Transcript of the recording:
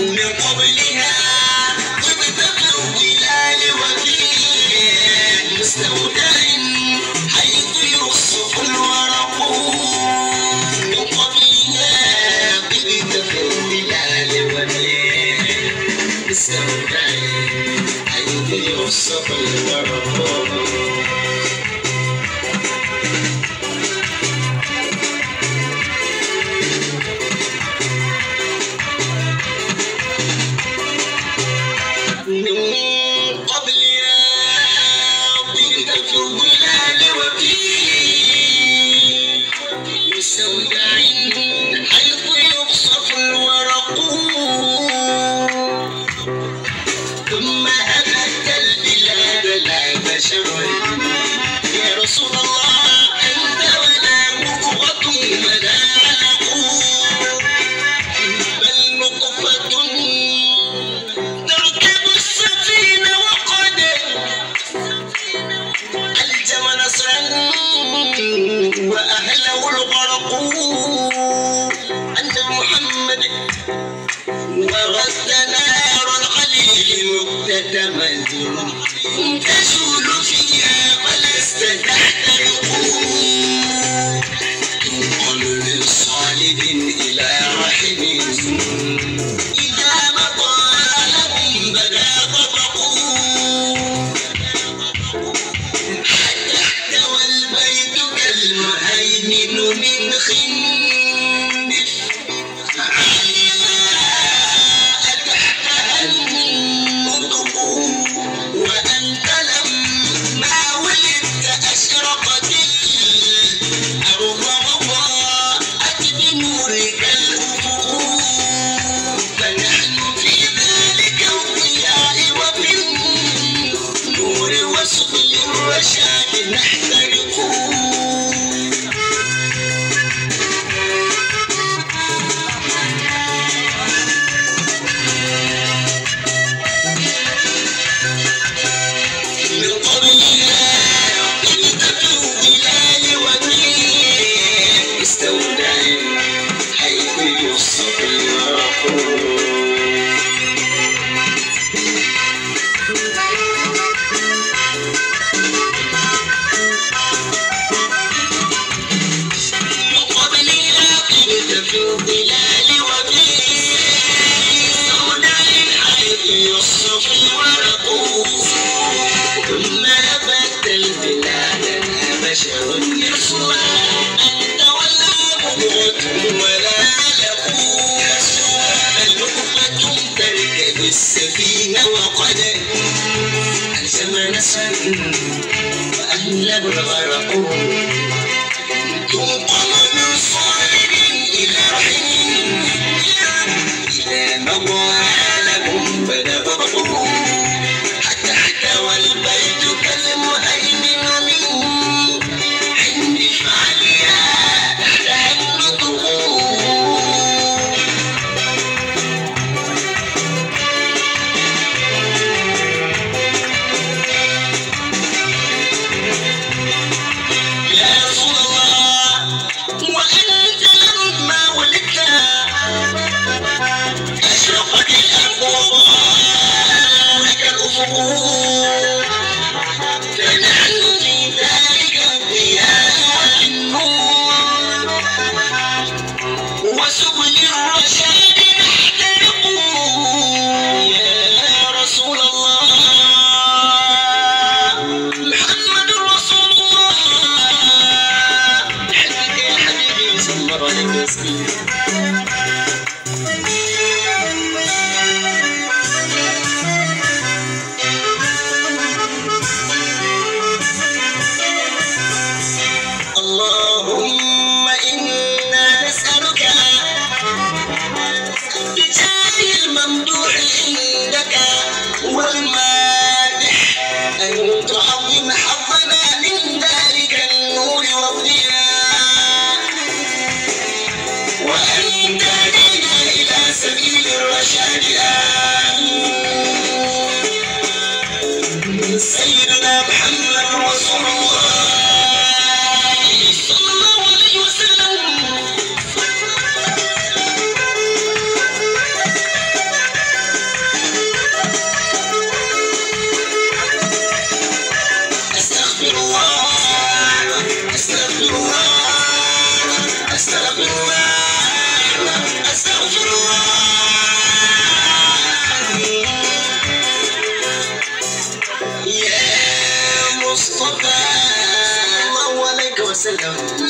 من قبلها طب ثقل بلال وكيل مستودع حيث يرصف الورق من قبلها وكيل مستودع حيث يرصف الورق علجم نصرا وأهله الغرق أنت محمد وغزت نار الخليل مكتتما تزول فيها فلست تحت يقول للصالب إلى رحم من خير السفينة وقد ألزم نسرا وأهله الغرق Thank you. alone.